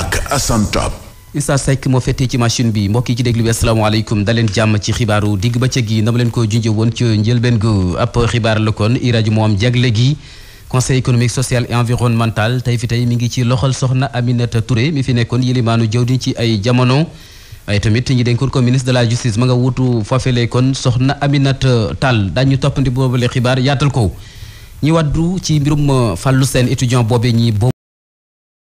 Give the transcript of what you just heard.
ak Assane Top Issa Seck moo fettee ci machine bi mbokk ci déglu bi asalaamaaleykum daleen jàmm ci xibaaru digg bëccëg gi na leen ko junjee woon ci njëlbeen gu ab xibaar la kon irajo moo am jagle gi conseil économique social environnemental tey fi tey mi ngi ci loxol soxna Aminata Touré mi fi nekkoon yilimaanu jawdi ci ay jamono waaye tamit ñi dénkoon ko ministre de la justice ma nga wutu fafele kon soxna Aminata Tall daañu toppandi